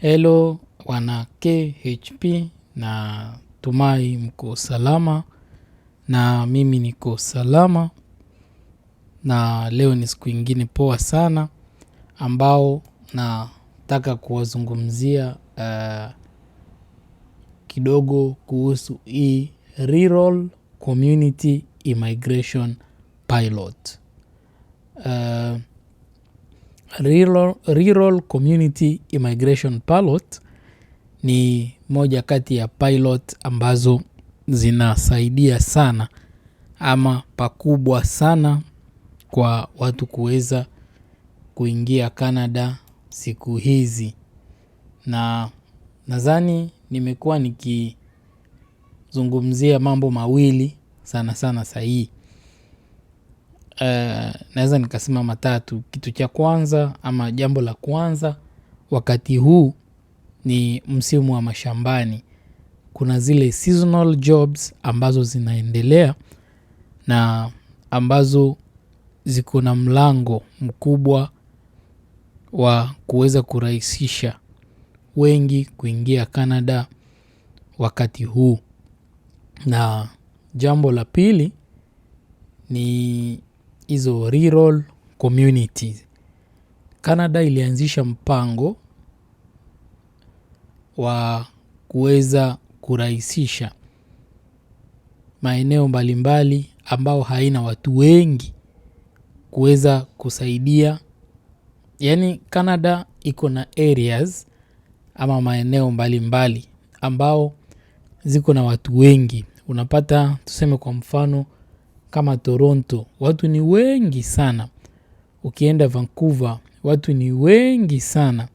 Hello wana KHP na tumai mko salama, na mimi niko salama, na leo ni siku ingine poa sana ambao nataka kuwazungumzia uh, kidogo kuhusu hii Rural Community Immigration Pilot uh, Rural, Rural Community Immigration Pilot ni moja kati ya pilot ambazo zinasaidia sana ama pakubwa sana kwa watu kuweza kuingia Canada siku hizi, na nadhani nimekuwa nikizungumzia mambo mawili sana sana sahii uh, naweza nikasema matatu. Kitu cha kwanza ama jambo la kwanza, wakati huu ni msimu wa mashambani. Kuna zile seasonal jobs ambazo zinaendelea na ambazo ziko na mlango mkubwa wa kuweza kurahisisha wengi kuingia Canada wakati huu. Na jambo la pili ni hizo rural communities. Canada ilianzisha mpango wa kuweza kurahisisha maeneo mbalimbali ambao haina watu wengi kuweza kusaidia. Yaani Canada iko na areas ama maeneo mbalimbali ambao ziko na watu wengi. Unapata tuseme kwa mfano kama Toronto watu ni wengi sana, ukienda Vancouver watu ni wengi sana,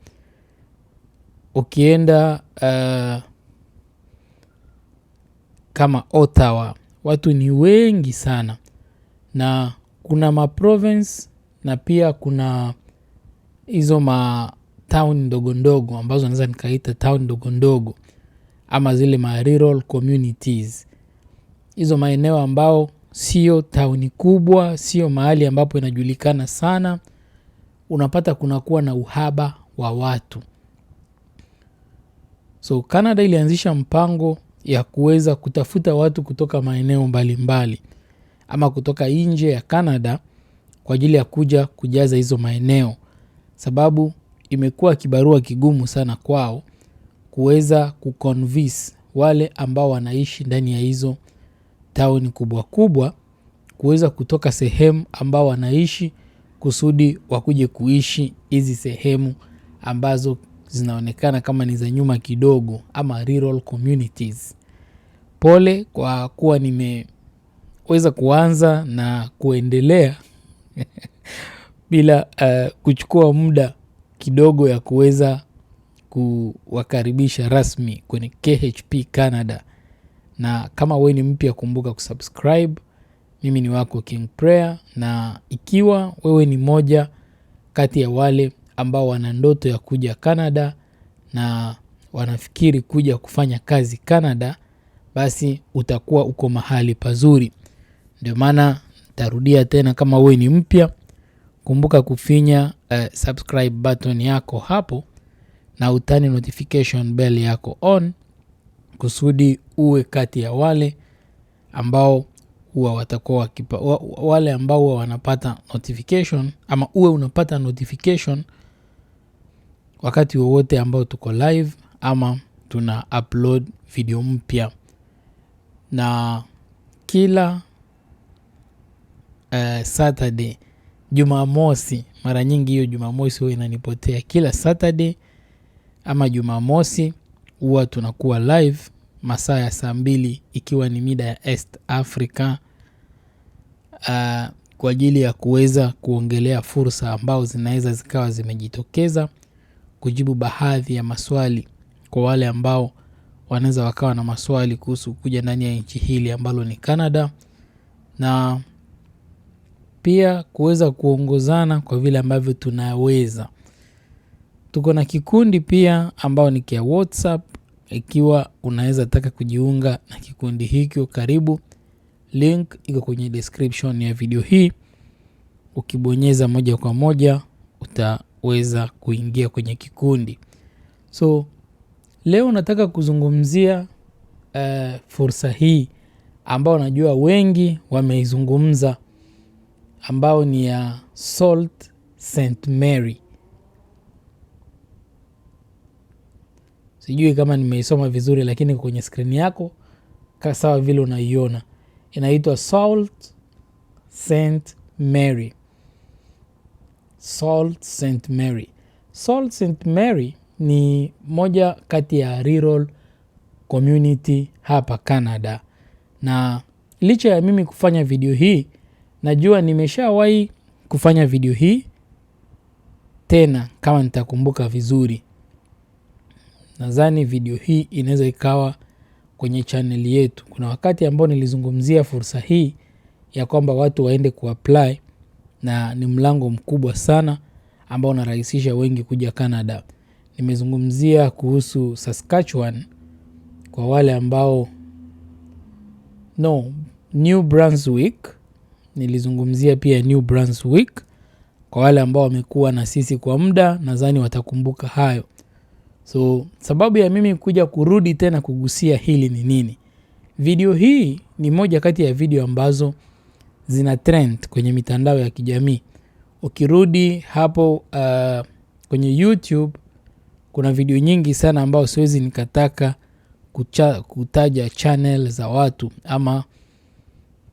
ukienda uh, kama Ottawa watu ni wengi sana, na kuna maprovince na pia kuna hizo ma town ndogo ndogo ambazo naweza nikaita town ndogo ndogo ama zile ma rural communities, hizo maeneo ambao sio tauni kubwa, sio mahali ambapo inajulikana sana, unapata kunakuwa na uhaba wa watu. So Canada ilianzisha mpango ya kuweza kutafuta watu kutoka maeneo mbalimbali ama kutoka nje ya Canada kwa ajili ya kuja kujaza hizo maeneo, sababu imekuwa kibarua kigumu sana kwao kuweza kuconvince wale ambao wanaishi ndani ya hizo tauni kubwa kubwa kuweza kutoka sehemu ambao wanaishi kusudi wakuje kuishi hizi sehemu ambazo zinaonekana kama ni za nyuma kidogo ama rural communities pole kwa kuwa nimeweza kuanza na kuendelea bila uh, kuchukua muda kidogo ya kuweza kuwakaribisha rasmi kwenye khp canada na kama wewe ni mpya, kumbuka kusubscribe. Mimi ni wako King Prayer, na ikiwa wewe ni moja kati ya wale ambao wana ndoto ya kuja Canada na wanafikiri kuja kufanya kazi Canada, basi utakuwa uko mahali pazuri. Ndio maana tarudia tena, kama wewe ni mpya, kumbuka kufinya uh, subscribe button yako hapo na utani notification bell yako on kusudi uwe kati ya wale ambao huwa watakuwa wakipa, wale ambao huwa wanapata notification ama uwe unapata notification wakati wowote ambao tuko live ama tuna upload video mpya na kila uh, Saturday Jumamosi. Mara nyingi hiyo Jumamosi huwa inanipotea. Kila Saturday ama Jumamosi huwa tunakuwa live masaa ya saa mbili ikiwa ni mida ya est Africa uh, kwa ajili ya kuweza kuongelea fursa ambao zinaweza zikawa zimejitokeza, kujibu baadhi ya maswali kwa wale ambao wanaweza wakawa na maswali kuhusu kuja ndani ya nchi hili ambalo ni Canada, na pia kuweza kuongozana kwa vile ambavyo tunaweza. Tuko na kikundi pia ambao ni kia WhatsApp ikiwa unaweza taka kujiunga na kikundi hiki, karibu. Link iko kwenye description ya video hii. Ukibonyeza moja kwa moja utaweza kuingia kwenye kikundi. So leo nataka kuzungumzia uh, fursa hii ambao najua wengi wameizungumza, ambao ni ya Salt St Mary. sijui kama nimeisoma vizuri, lakini kwenye skrini yako sawa vile unaiona inaitwa Salt St Mary. Salt St Mary, Salt St Mary ni moja kati ya rural community hapa Canada, na licha ya mimi kufanya video hii, najua nimeshawahi kufanya video hii tena, kama nitakumbuka vizuri nadhani video hii inaweza ikawa kwenye chaneli yetu. Kuna wakati ambao nilizungumzia fursa hii ya kwamba watu waende kuapply, na ni mlango mkubwa sana ambao unarahisisha wengi kuja Canada. Nimezungumzia kuhusu Saskatchewan kwa wale ambao no, New Brunswick. Nilizungumzia pia New Brunswick kwa wale ambao wamekuwa na sisi kwa muda, nadhani watakumbuka hayo. So sababu ya mimi kuja kurudi tena kugusia hili ni nini? Video hii ni moja kati ya video ambazo zina trend kwenye mitandao ya kijamii. Ukirudi hapo uh, kwenye YouTube kuna video nyingi sana ambayo siwezi nikataka kucha, kutaja channel za watu ama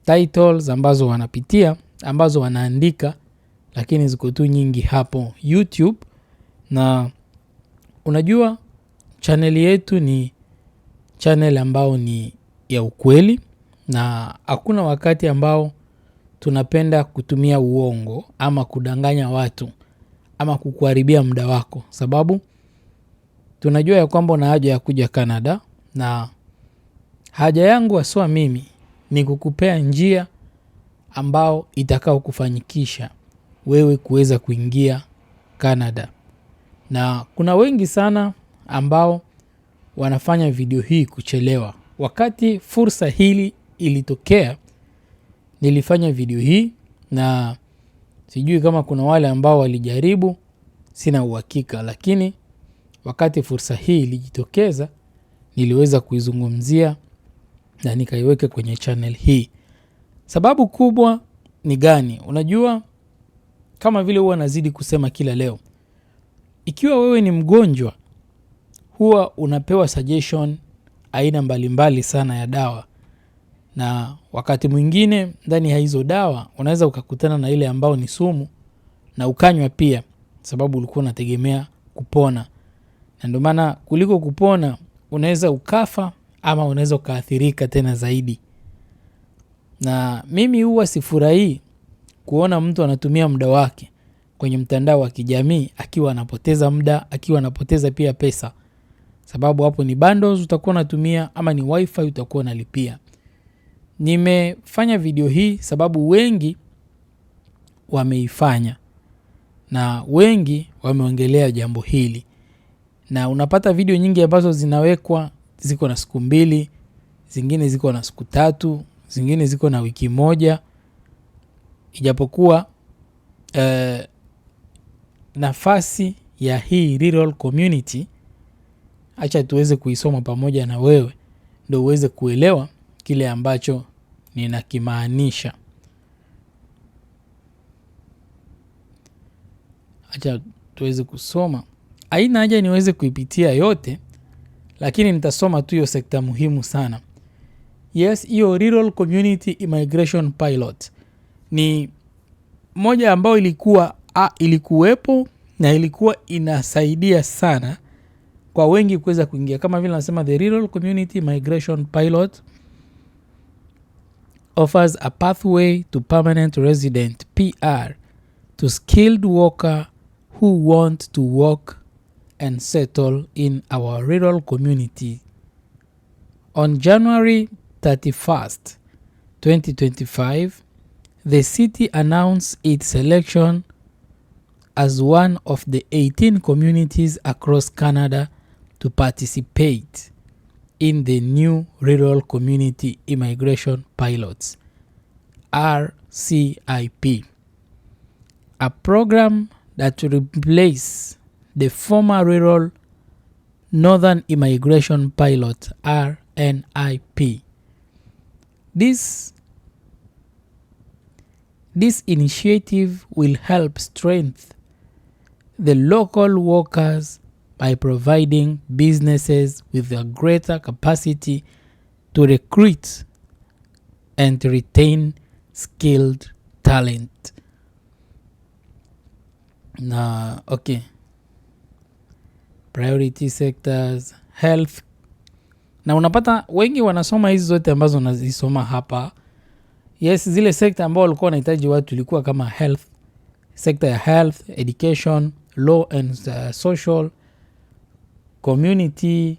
titles ambazo wanapitia ambazo wanaandika, lakini ziko tu nyingi hapo YouTube na Unajua chaneli yetu ni chaneli ambao ni ya ukweli na hakuna wakati ambao tunapenda kutumia uongo ama kudanganya watu ama kukuharibia muda wako, sababu tunajua ya kwamba una haja ya kuja Canada, na haja yangu haswa mimi ni kukupea njia ambao itakao kufanyikisha wewe kuweza kuingia Canada na kuna wengi sana ambao wanafanya video hii kuchelewa. Wakati fursa hili ilitokea, nilifanya video hii na sijui kama kuna wale ambao walijaribu, sina uhakika, lakini wakati fursa hii ilijitokeza, niliweza kuizungumzia na nikaiweke kwenye chanel hii. Sababu kubwa ni gani? Unajua, kama vile huwa nazidi kusema kila leo ikiwa wewe ni mgonjwa, huwa unapewa suggestion aina mbalimbali sana ya dawa, na wakati mwingine ndani ya hizo dawa unaweza ukakutana na ile ambao ni sumu na ukanywa pia, sababu ulikuwa unategemea kupona, na ndio maana kuliko kupona unaweza ukafa ama unaweza ukaathirika tena zaidi. Na mimi huwa sifurahii kuona mtu anatumia muda wake kwenye mtandao wa kijamii akiwa anapoteza muda, akiwa anapoteza pia pesa, sababu hapo ni bundles utakuwa unatumia ama ni wifi utakuwa unalipia. Nimefanya video hii sababu wengi wameifanya na wengi wameongelea jambo hili, na unapata video nyingi ambazo zinawekwa ziko na siku mbili, zingine ziko na siku tatu, zingine ziko na wiki moja, ijapokuwa eh, nafasi ya hii rural community, acha tuweze kuisoma pamoja na wewe ndio uweze kuelewa kile ambacho ninakimaanisha. Acha tuweze kusoma, aina haja niweze kuipitia yote, lakini nitasoma tu hiyo sekta muhimu sana. Yes, hiyo rural community immigration pilot ni moja ambayo ilikuwa a, ilikuwepo na ilikuwa inasaidia sana kwa wengi kuweza kuingia, kama vile anasema the rural community migration pilot offers a pathway to permanent resident PR to skilled worker who want to work and settle in our rural community. On January 31st, 2025, the city announced its selection as one of the 18 communities across Canada to participate in the new Rural Community Immigration Pilots RCIP, a program that will replace the former Rural Northern Immigration Pilot RNIP. This this initiative will help strengthen the local workers by providing businesses with a greater capacity to recruit and to retain skilled talent. Na okay. Priority sectors, health. Na unapata wengi wanasoma hizi zote ambazo nazisoma hapa. Yes, zile sekta ambao walikuwa wanahitaji watu ilikuwa kama health, sekta ya health, education, law and uh, social, community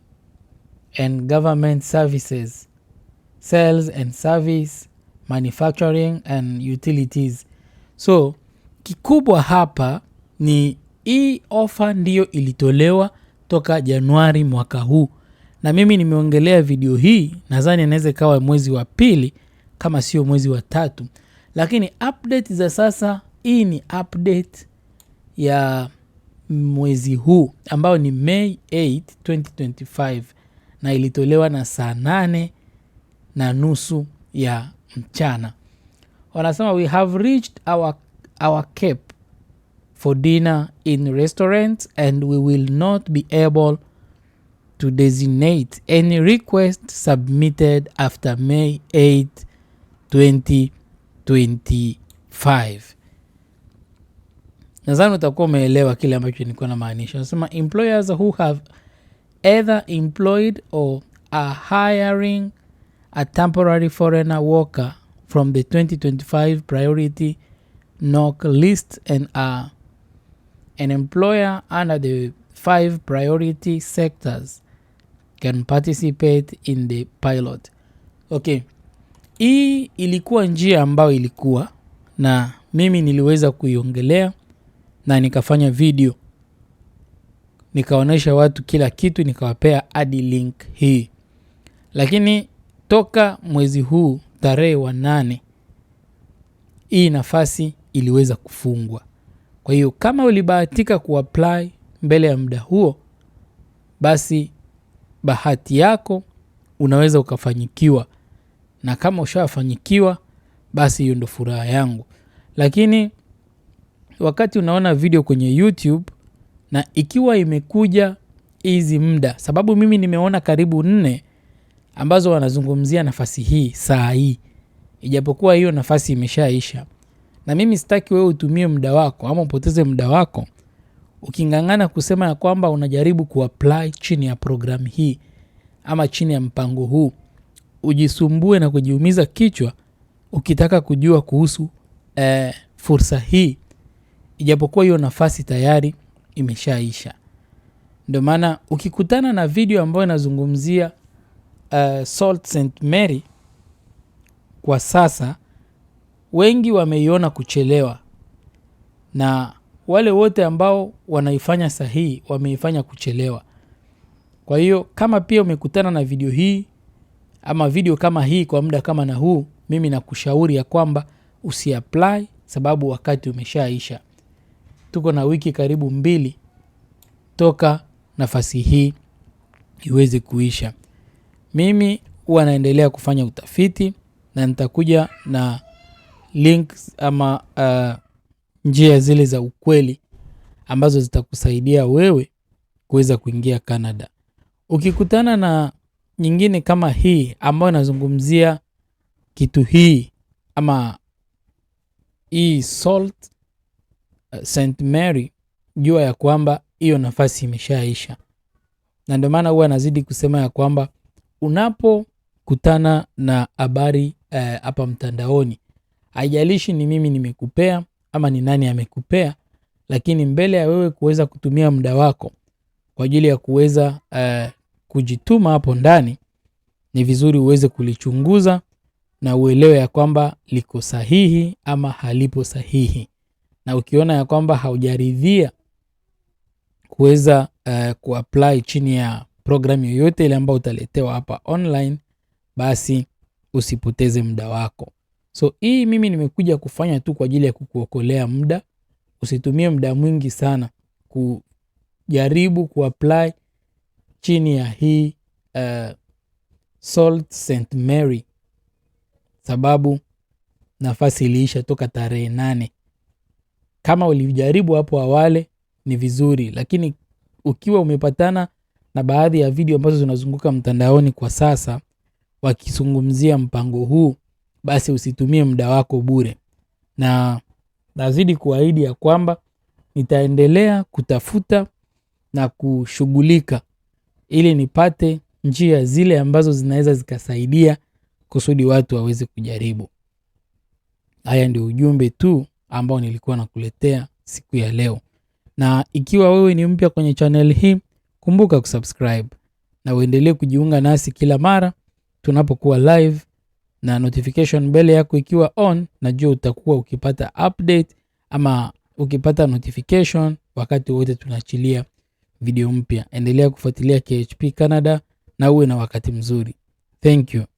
and government services, sales and service, manufacturing and utilities. So kikubwa hapa ni hii ofa ndiyo ilitolewa toka Januari mwaka huu, na mimi nimeongelea video hii, nadhani anaweza ikawa mwezi wa pili kama sio mwezi wa tatu, lakini update za sasa, hii ni update ya mwezi huu ambao ni May 8, 2025 na ilitolewa na saa nane na nusu ya mchana. Wanasema we have reached our, our cape for dinner in restaurants and we will not be able to designate any request submitted after May 8, 2025 nazani utakuwa umeelewa kile ambacho nilikuwa na maanisha. Nasema employers who have either employed or are hiring a temporary foreigner worker from the 2025 priority knock list and are an employer under the five priority sectors can participate in the pilot. Okay, hii ilikuwa njia ambayo ilikuwa na mimi niliweza kuiongelea na nikafanya video nikaonyesha watu kila kitu, nikawapea hadi link hii. Lakini toka mwezi huu tarehe wa nane hii nafasi iliweza kufungwa. Kwa hiyo kama ulibahatika kuapply mbele ya muda huo, basi bahati yako unaweza ukafanyikiwa, na kama ushafanyikiwa, basi hiyo ndo furaha yangu. Lakini wakati unaona video kwenye YouTube na ikiwa imekuja hizi muda, sababu mimi nimeona karibu nne ambazo wanazungumzia nafasi hii saa hii, ijapokuwa hiyo nafasi imeshaisha, na mimi sitaki wewe utumie muda wako ama upoteze muda wako uking'ang'ana kusema ya kwamba unajaribu kuapply chini ya programu hii ama chini ya mpango huu, ujisumbue na kujiumiza kichwa ukitaka kujua kuhusu eh, fursa hii ijapokuwa hiyo nafasi tayari imeshaisha. Ndio maana ukikutana na video ambayo inazungumzia uh, Salt St Mary kwa sasa, wengi wameiona kuchelewa, na wale wote ambao wanaifanya sahihi wameifanya kuchelewa. Kwa hiyo kama pia umekutana na video hii ama video kama hii kwa muda kama na huu, mimi nakushauri ya kwamba usiapply, sababu wakati umeshaisha tuko na wiki karibu mbili toka nafasi hii iweze kuisha. Mimi huwa naendelea kufanya utafiti na nitakuja na links ama uh, njia zile za ukweli ambazo zitakusaidia wewe kuweza kuingia Canada. Ukikutana na nyingine kama hii ambayo inazungumzia kitu hii ama hii salt Uh, St Mary, jua ya kwamba hiyo nafasi imeshaisha, na ndio maana huwa anazidi kusema ya kwamba unapokutana na habari eh, hapa eh, mtandaoni, haijalishi ni mimi nimekupea ama ni nani amekupea, lakini mbele ya wewe kuweza kutumia muda wako kwa ajili ya kuweza eh, kujituma hapo ndani, ni vizuri uweze kulichunguza na uelewe ya kwamba liko sahihi ama halipo sahihi na ukiona ya kwamba haujaridhia kuweza uh, kuapply chini ya programu yoyote ile ambayo utaletewa hapa online, basi usipoteze muda wako. So hii mimi nimekuja kufanya tu kwa ajili ya kukuokolea muda. Usitumie muda mwingi sana kujaribu kuapply chini ya hii uh, Salt St Mary, sababu nafasi iliisha toka tarehe nane kama ulijaribu hapo awale ni vizuri, lakini ukiwa umepatana na baadhi ya video ambazo zinazunguka mtandaoni kwa sasa wakizungumzia mpango huu, basi usitumie muda wako bure, na nazidi kuahidi ya kwamba nitaendelea kutafuta na kushughulika ili nipate njia zile ambazo zinaweza zikasaidia kusudi watu waweze kujaribu. Haya ndio ujumbe tu ambao nilikuwa nakuletea siku ya leo. Na ikiwa wewe ni mpya kwenye channel hii, kumbuka kusubscribe na uendelee kujiunga nasi kila mara tunapokuwa live na notification mbele yako ikiwa on, najua utakuwa ukipata update ama ukipata notification wakati wote tunaachilia video mpya. Endelea kufuatilia KHP Canada na uwe na wakati mzuri. Thank you.